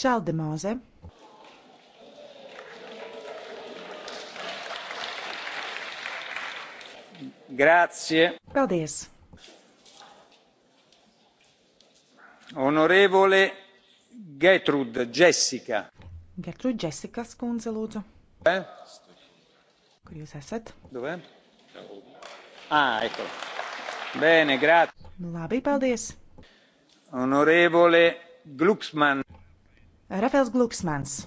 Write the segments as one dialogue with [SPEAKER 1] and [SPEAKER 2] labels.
[SPEAKER 1] Šaldemāze.
[SPEAKER 2] Grazie. Paldies. Honorevole Gertrud Jessica.
[SPEAKER 1] Gertrud Jessica skundze lūdzu. Eh? Kur jūs esat?
[SPEAKER 2] Dov'è? Ah, ecco. Bene, grazie.
[SPEAKER 1] Labi, paldies.
[SPEAKER 2] Honorevole Glucksmann.
[SPEAKER 1] Rafēls Gluksmans.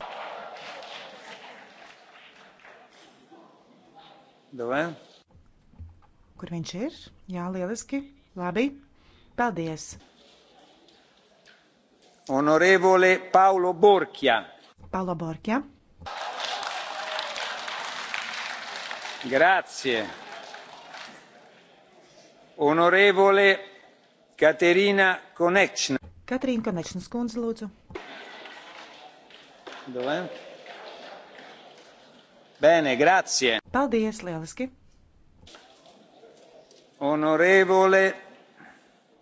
[SPEAKER 1] Davai. Kur viņš ir? Jā, lieliski. Labi. Paldies.
[SPEAKER 2] Onorevole Paolo Borchia.
[SPEAKER 1] Paolo Borchia.
[SPEAKER 2] Grazie. Onorevole Katerina
[SPEAKER 1] Konečna. Katrīna Konečnas kundze, lūdzu.
[SPEAKER 2] Dov'è? Bene, grazie.
[SPEAKER 1] Paldies, lieliski.
[SPEAKER 2] Honorevole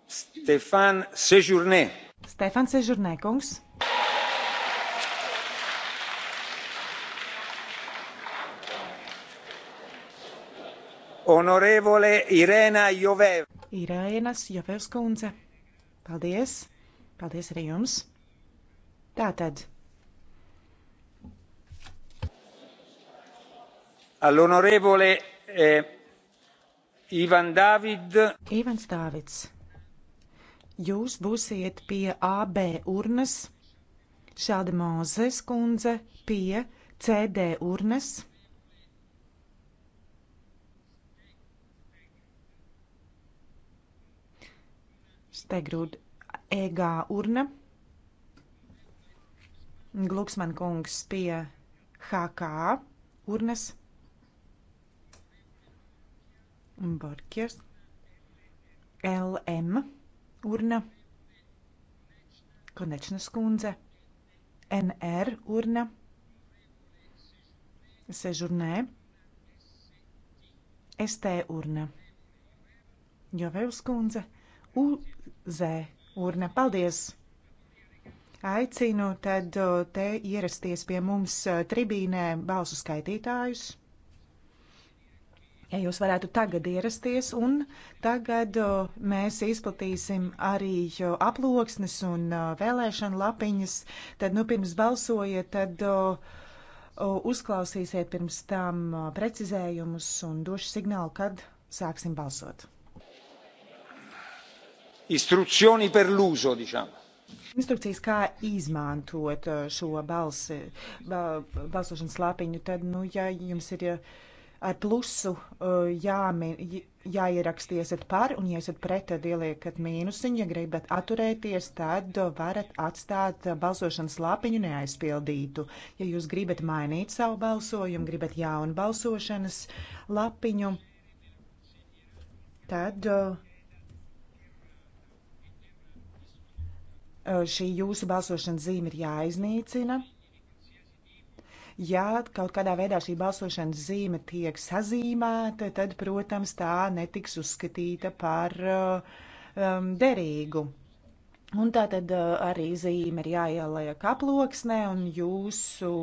[SPEAKER 2] Stefan Sejourné.
[SPEAKER 1] Stefan Sejourné, kungs.
[SPEAKER 2] Honorevole Irēna Jovēv.
[SPEAKER 1] Irēnas Jovēvs kundze. Paldies. Paldies arī jums. Tātad.
[SPEAKER 2] all'onorevole eh, Ivan David.
[SPEAKER 1] Ivans Dāvids, jūs būsiet pie AB urnas, šāda Mozes kundze pie CD urnas. Stegrūd ēgā e urna. Gluksman kungs pie HK urnas. Borkers, LM, urna, Konečnas kundze, NR, urna, Sežurnē, ST, urna, Jovevs kundze, UZ, urna. Paldies! Aicinu tad te ierasties pie mums tribīnē balsu skaitītājus ja jūs varētu tagad ierasties, un tagad mēs izplatīsim arī aploksnes un vēlēšana lapiņas, tad nu pirms balsojiet, tad uzklausīsiet pirms tam precizējumus un došu signālu, kad sāksim balsot.
[SPEAKER 2] Instrukcioni per l'uso, diciamo.
[SPEAKER 1] Instrukcijas, kā izmantot šo balsi, balsošanas lapiņu, tad, nu, ja jums ir. Ja, ar plusu uh, jāmin, jāieraksta, ja esat par, un, ja esat pret, tad ieliekat mīnusiņu. Ja gribat atturēties, tad varat atstāt balsošanas lapiņu neaizpildītu. Ja jūs gribat mainīt savu balsojumu, gribat jaunu balsošanas lapiņu, tad uh, šī jūsu balsošanas zīme ir jāiznīcina. Ja kaut kādā veidā šī balsošanas zīme tiek sazīmēta, tad, protams, tā netiks uzskatīta par uh, um, derīgu. Un tā tad uh, arī zīme ir jāieliek aploksnē un jūsu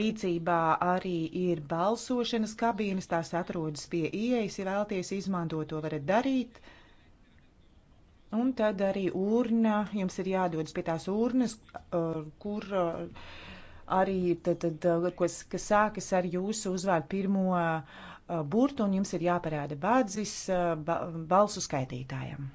[SPEAKER 1] rīcībā arī ir balsošanas kabīnes, tās atrodas pie ieejas, ja vēlties izmantot to varat darīt. Un tad arī urna, jums ir jādodas pie tās urnas, uh, kur arī, tad, tad, eh, kas, kas sākas ar jūsu uzvārdu pirmo uh, burtu, un jums ir jāparāda bādzis uh, eh, ba balsu skaitītājiem.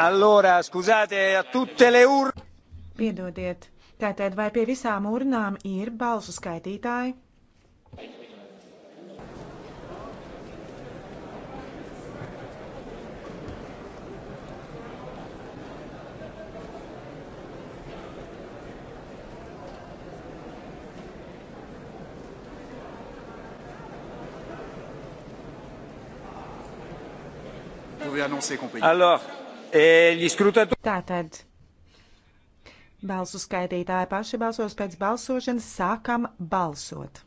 [SPEAKER 2] Allora, scusate, a tutte le ur...
[SPEAKER 1] Piedodiet, tātad vai pie visām urnām ir balsu skaitītāji?
[SPEAKER 2] annoncer qu'on paye. Alors, E
[SPEAKER 1] Tātad balsu skaitītāji paši balsos pēc balsošanas, sākam balsot.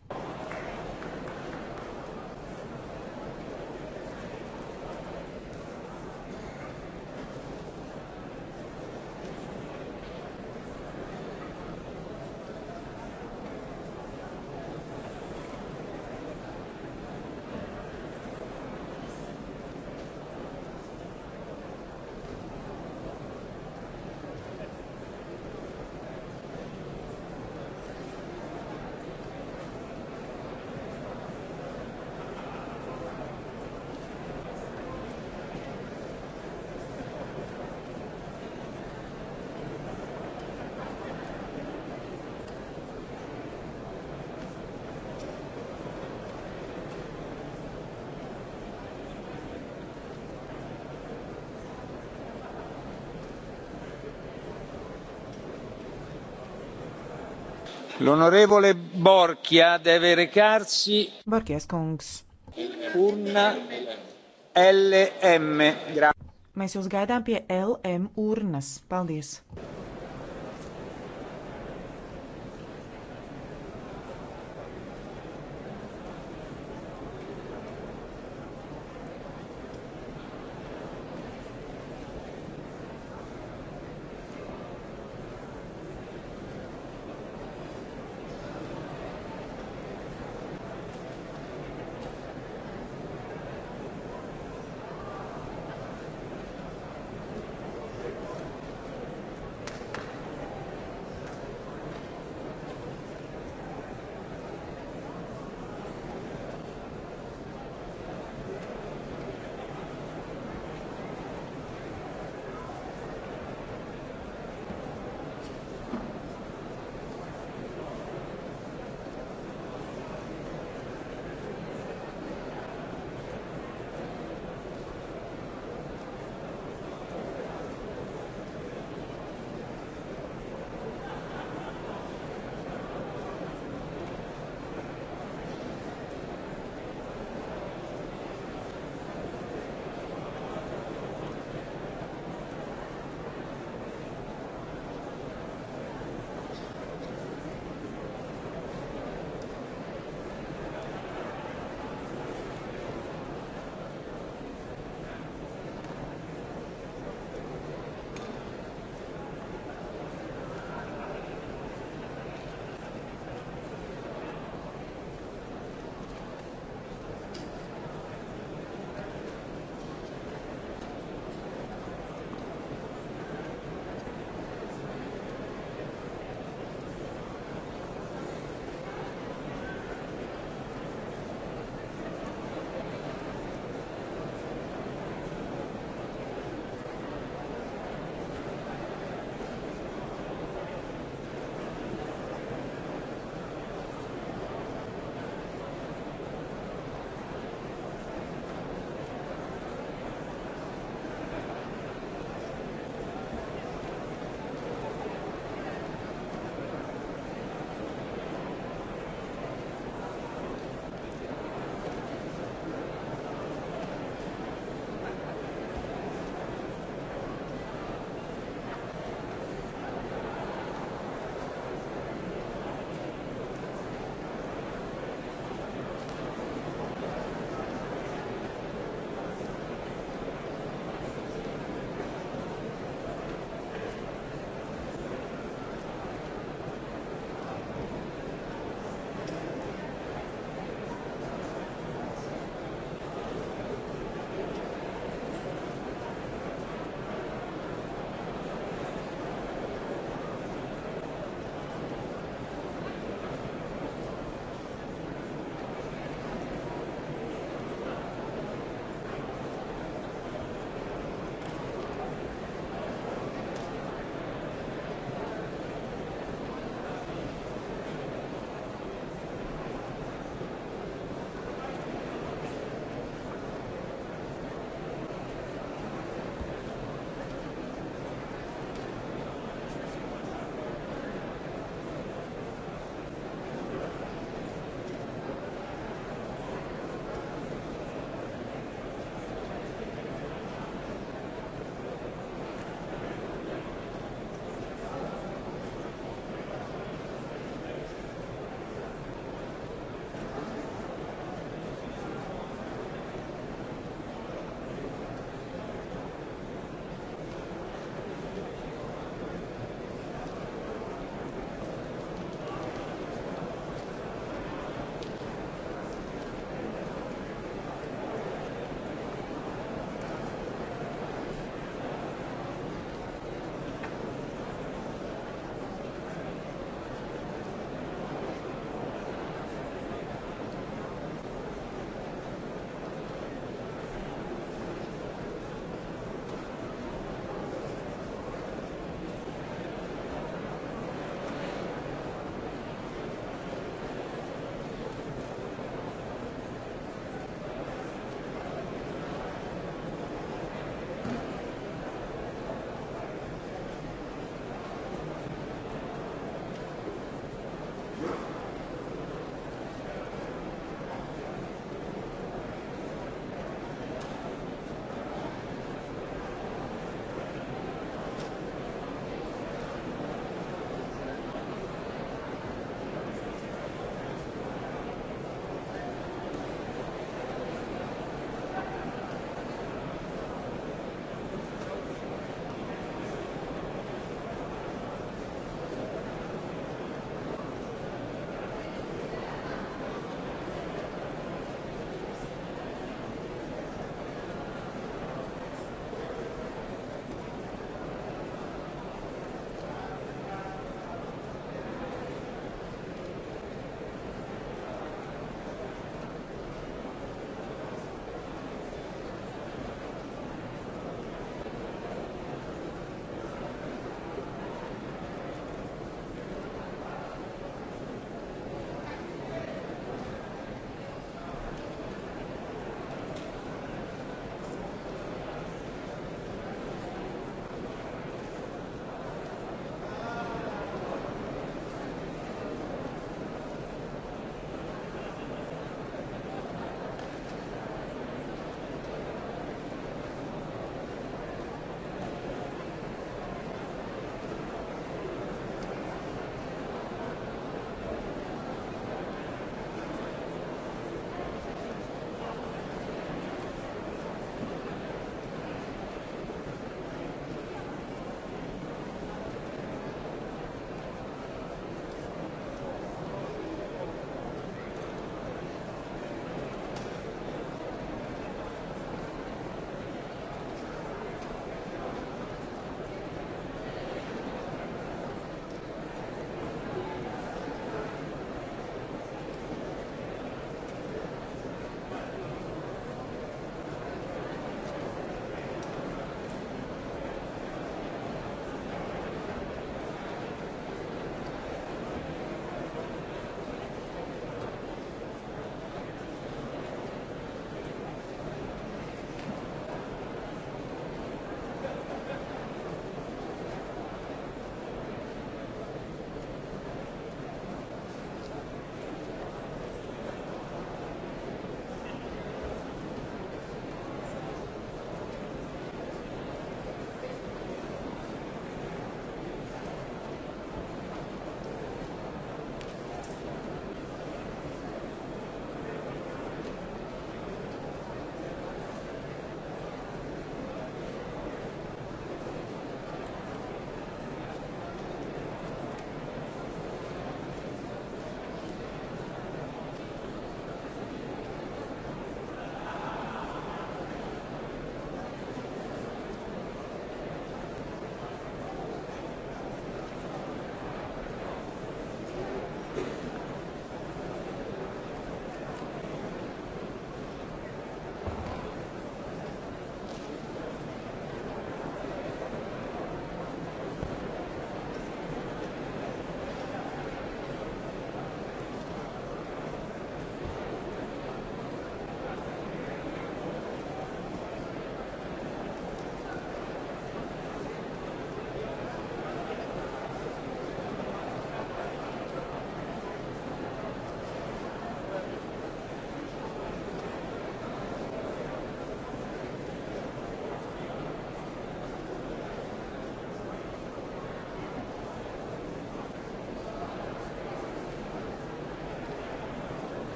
[SPEAKER 2] L'onorevole Borchia deve recarsi. Borchies kungs. Urna LM.
[SPEAKER 1] Mēs jūs gaidām pie LM urnas. Paldies!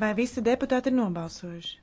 [SPEAKER 1] Vai visi deputāti ir nobalsojuši?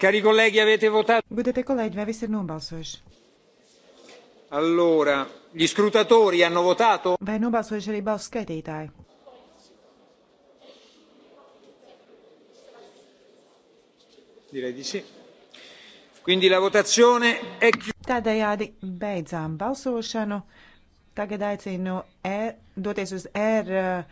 [SPEAKER 1] Cari colleghi, avete votato? Gudate colleghi, vai visi ir nobalsojuši.
[SPEAKER 2] Allora, gli scrutatori hanno votato?
[SPEAKER 1] Vai nobalsojuši arī balsu skaitītāji. Direi di sì.
[SPEAKER 2] Quindi la votazione
[SPEAKER 1] è chiusa. Tādējādi beidzām balsošanu. Tagad aicinu e, doties uz R. Er,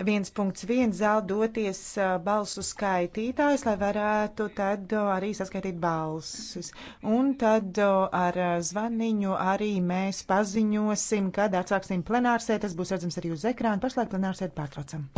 [SPEAKER 1] 1.1 zāli doties balsu skaitītājs, lai varētu tad arī saskaitīt balsis. Un tad ar zvaniņu arī mēs paziņosim, kad atsāksim plenārsē. Tas būs redzams arī uz ekrāna. Pašlaik plenārsē pārtraucam.